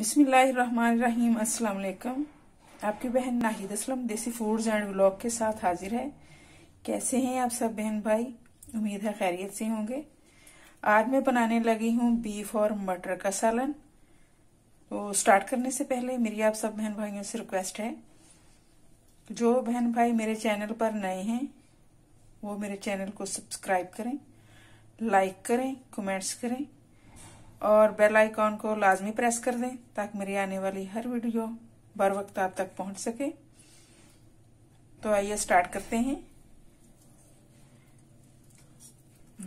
अस्सलाम वालेकुम आपकी बहन Nahid Aslam desi foods and vlog के साथ हाजिर है कैसे हैं आप सब बहन भाई उम्मीद है खैरियत से होंगे आज मैं बनाने लगी हूँ बीफ और मटर का सालन तो स्टार्ट करने से पहले मेरी आप सब बहन भाइयों से रिक्वेस्ट है जो बहन भाई मेरे चैनल पर नए हैं वो मेरे चैनल को सब्सक्राइब करें लाइक करें कमेंट्स करें और बेल आइकॉन को लाजमी प्रेस कर दें ताकि मेरी आने वाली हर वीडियो बर वक्त आप तक पहुंच सके तो आइए स्टार्ट करते हैं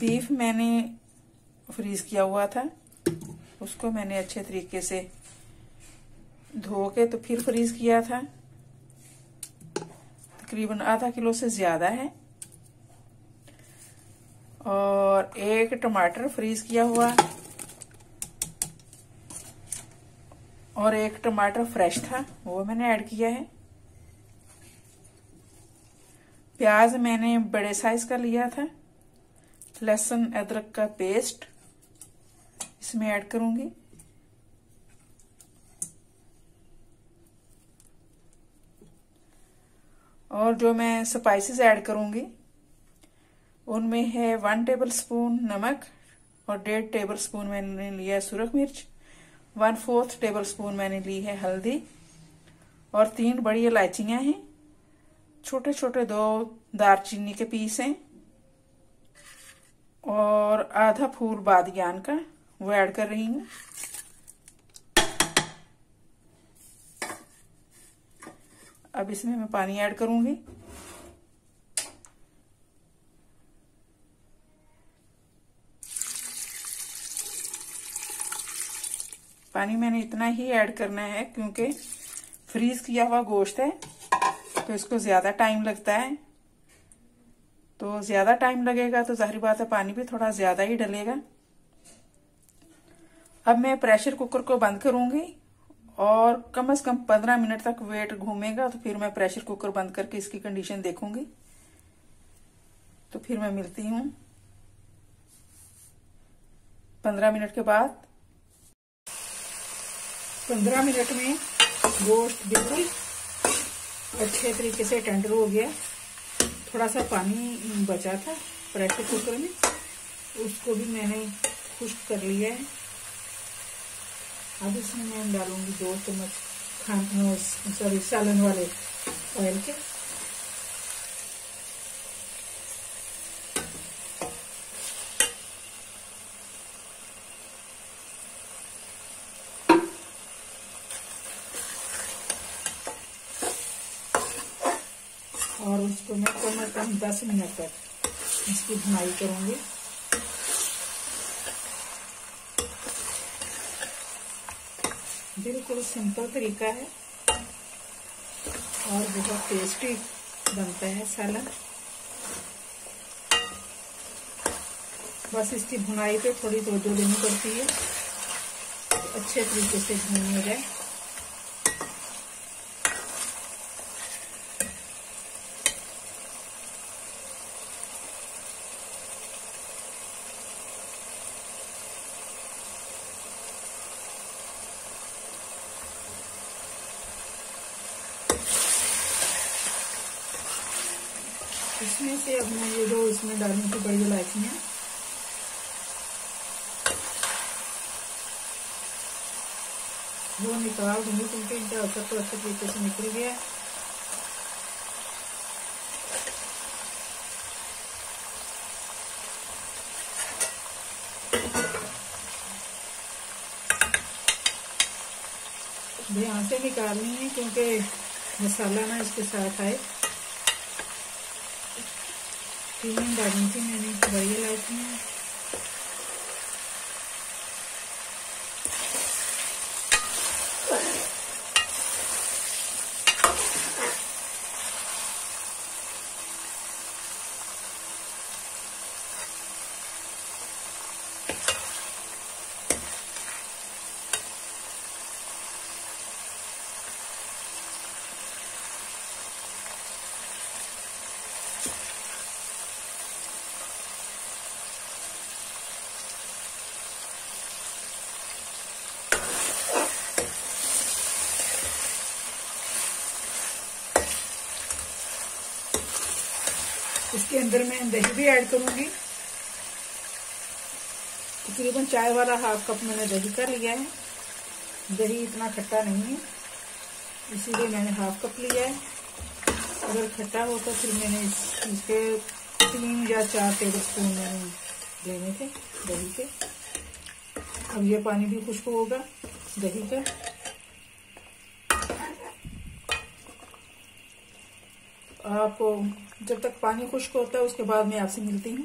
बीफ मैंने फ्रीज किया हुआ था उसको मैंने अच्छे तरीके से धो के तो फिर फ्रीज किया था तकरीबन आधा किलो से ज्यादा है और एक टमाटर फ्रीज किया हुआ और एक टमाटर फ्रेश था वो मैंने ऐड किया है प्याज मैंने बड़े साइज का लिया था लहसुन अदरक का पेस्ट इसमें ऐड करूंगी और जो मैं स्पाइसेस ऐड करूंगी उनमें है वन टेबल स्पून नमक और डेढ़ टेबल स्पून मैंने लिया सुरख मिर्च वन फोर्थ टेबल स्पून मैंने ली है हल्दी और तीन बड़ी इलायचियां हैं छोटे छोटे दो दारचीनी के पीस हैं और आधा फूल बादन का वो ऐड कर रही हूँ अब इसमें मैं पानी ऐड करूंगी पानी मैंने इतना ही ऐड करना है क्योंकि फ्रीज किया हुआ गोश्त है तो इसको ज़्यादा टाइम लगता है तो ज़्यादा टाइम लगेगा तो जाहिर बात है पानी भी थोड़ा ज़्यादा ही डलेगा अब मैं प्रेशर कुकर को बंद करूंगी और कम से कम पंद्रह मिनट तक वेट घूमेगा तो फिर मैं प्रेशर कुकर बंद करके इसकी कंडीशन देखूंगी तो फिर मैं मिलती हूं पंद्रह मिनट के बाद पंद्रह मिनट में गोश्त बिल्कुल अच्छे तरीके से टेंडर हो गया थोड़ा सा पानी बचा था प्रेशर कुकर में उसको भी मैंने खुश्क कर लिया है अब इसमें मैं डालूंगी दो चम्मच खान सॉरी सालन वाले ऑयल के दस मिनट तक इसकी भुनाई करूंगी बिल्कुल सिंपल तरीका है और बहुत टेस्टी बनता है सलाद बस इसकी भुनाई पे थोड़ी तोजो देनी पड़ती है अच्छे तरीके से भुनी हो जाए इसमें से अब मैं ये दो इसमें डालने की बड़ी इलायची है वो निकाल दूंगी क्योंकि इनका असर तो अच्छे तरीके से निकल गया ध्यान से निकालनी है क्योंकि मसाला ना इसके साथ आए चीज़ें डाली थी मैंने बढ़िया लाई थी इसके अंदर मैं दही भी ऐड करूंगी तकरीबन चाय वाला हाफ कप मैंने दही का लिया है दही इतना खट्टा नहीं है इसीलिए मैंने हाफ कप लिया है अगर खट्टा हो तो फिर मैंने इसके तीन या चार टेबल स्पून मैंने लेने थे दही के अब ये पानी भी खुश्क होगा दही का आप जब तक पानी खुश्क होता है उसके बाद मैं आपसे मिलती हूँ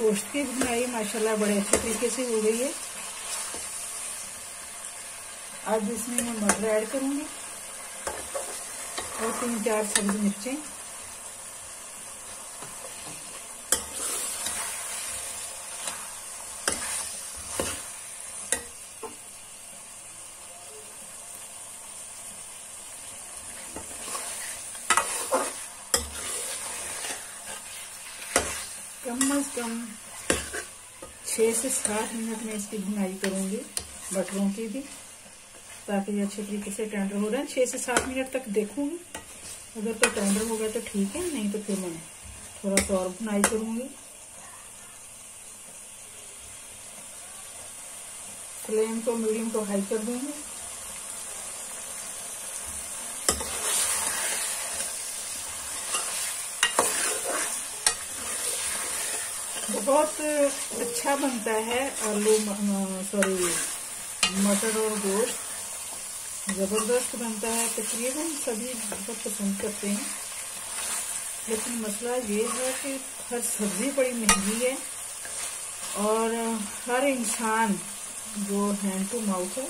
गोश्त की बुनाई माशाल्लाह बड़े अच्छे तरीके से हो गई है अब इसमें मैं मटर ऐड करूँगी और तीन चार सब्जी मिर्चें छह से सात मिनट में इसकी भुनाई करूंगी बटरों की भी ताकि ये अच्छे तरीके से टेंडर हो रहा है छह से सात मिनट तक देखूंगी अगर तो टेंडर हो गया तो ठीक है नहीं तो फिर मैं थोड़ा सा और भुनाई करूंगी फ्लेम को मीडियम को हाई कर दूंगी बहुत अच्छा बनता है आलू सॉरी मटर और गोश्त ज़बरदस्त बनता है तकरीबन सभी बहुत पसंद करते हैं लेकिन मसला ये है कि हर सब्ज़ी बड़ी महंगी है और हर इंसान जो हैंड टू माउथ है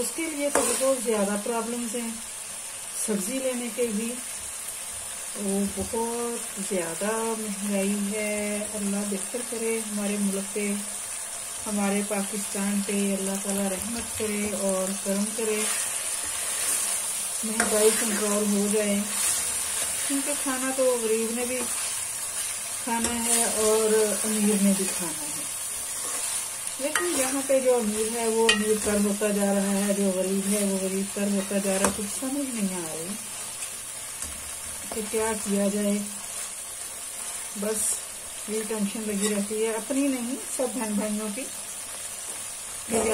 उसके लिए तो बहुत ज़्यादा प्रॉब्लम्स हैं सब्ज़ी लेने के भी वो बहुत ज़्यादा महंगाई है अल्लाह बेहतर करे हमारे मुल्क पे हमारे पाकिस्तान पे अल्लाह ताला रहमत करे और करम करे महंगाई कंट्रोल हो जाए क्योंकि खाना तो गरीब ने भी खाना है और अमीर ने भी खाना है लेकिन यहाँ पे जो अमीर है वो अमीर कर होता जा रहा है जो गरीब है वो गरीब कर होता जा रहा है कुछ समझ नहीं आ रही कि क्या किया जाए बस ये टेंशन लगी रहती है अपनी नहीं सब बहन भाइयों की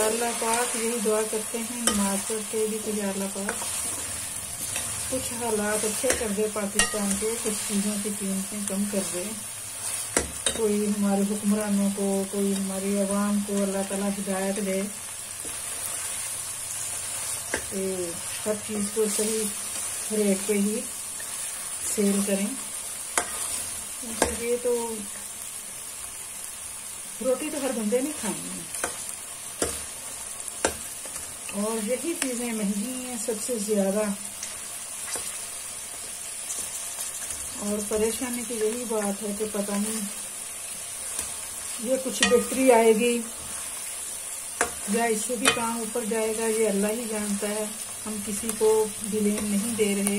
अल्लाह पाक यही दुआ करते हैं हिमाचल के भी तजारला पाक कुछ हालात अच्छे कर दे पाकिस्तान के कुछ चीज़ों की कीमतें कम कर दे कोई हमारे हुक्मरानों को कोई हमारी आवाम को अल्लाह ताला हिदायत दे तो हर चीज़ को सही रेट पे ही सेल करें ये तो रोटी तो हर बंदे ने खाएंगे है और यही चीज़ें महंगी हैं सबसे ज़्यादा और परेशानी की यही बात है कि पता नहीं ये कुछ बेहतरी आएगी या इससे भी काम ऊपर जाएगा ये अल्लाह ही जानता है हम किसी को ब्लेम नहीं दे रहे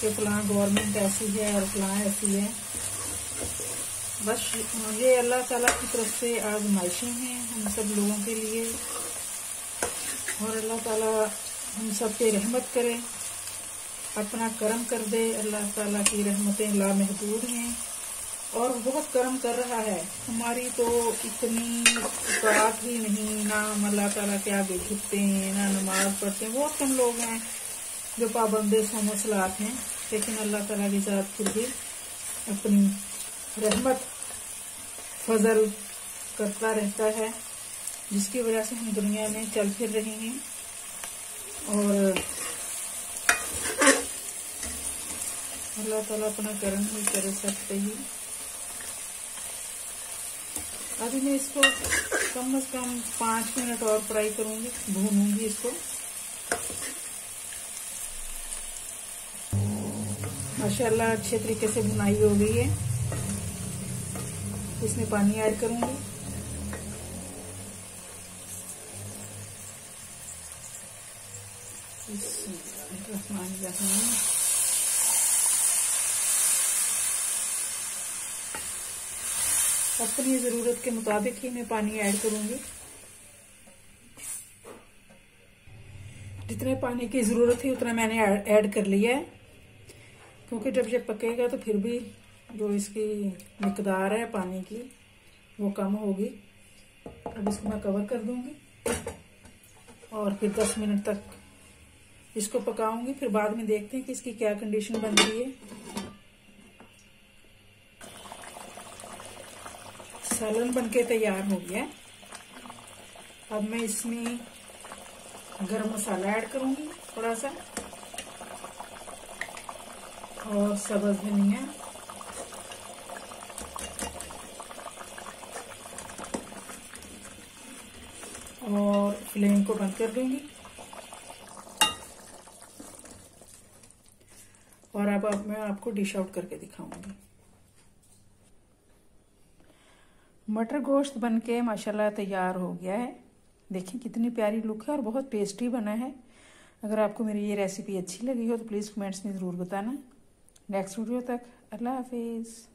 कि फला गवर्नमेंट ऐसी है और फला ऐसी है बस ये अल्लाह ताला की तरफ से आजमाइशें हैं हम सब लोगों के लिए और अल्लाह ताला हम सब पे रहमत करे अपना करम कर दे अल्लाह ताला की रहमतें लामहदूद हैं और बहुत कर्म कर रहा है हमारी तो इतनी बात ही नहीं ना हम अल्लाह ताला के आगे झुकते हैं ना नमाज पढ़ते हैं बहुत कम लोग हैं जो पाबंदे सोनो सलात हैं लेकिन अल्लाह तला की ज़ात फिर भी अपनी रहमत फजल करता रहता है जिसकी वजह से हम दुनिया में चल फिर रहे हैं और अल्लाह तला अपना करम ही कर सकते ही अभी मैं इसको कम से कम पांच मिनट और फ्राई करूंगी भूनूंगी इसको माशाला अच्छे तरीके से बुनाई हो गई है इसमें पानी ऐड करूंगी अपनी ज़रूरत के मुताबिक ही मैं पानी ऐड करूंगी जितने पानी की ज़रूरत है उतना मैंने ऐड कर लिया है क्योंकि जब ये पकेगा तो फिर भी जो इसकी मकदार है पानी की वो कम होगी अब इसको मैं कवर कर दूंगी और फिर 10 मिनट तक इसको पकाऊंगी फिर बाद में देखते हैं कि इसकी क्या कंडीशन बन रही है सालन बनके तैयार हो गया अब मैं इसमें गरम मसाला ऐड करूंगी थोड़ा सा और नहीं धनिया और फ्लेम को बंद कर देंगे और अब आप मैं आपको डिश आउट करके दिखाऊंगी मटर गोश्त बनके माशाल्लाह तैयार हो गया है देखिए कितनी प्यारी लुक है और बहुत टेस्टी बना है अगर आपको मेरी ये रेसिपी अच्छी लगी हो तो प्लीज़ कमेंट्स में ज़रूर बताना next video tak allah hafiz